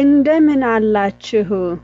እንደምን አላችሁ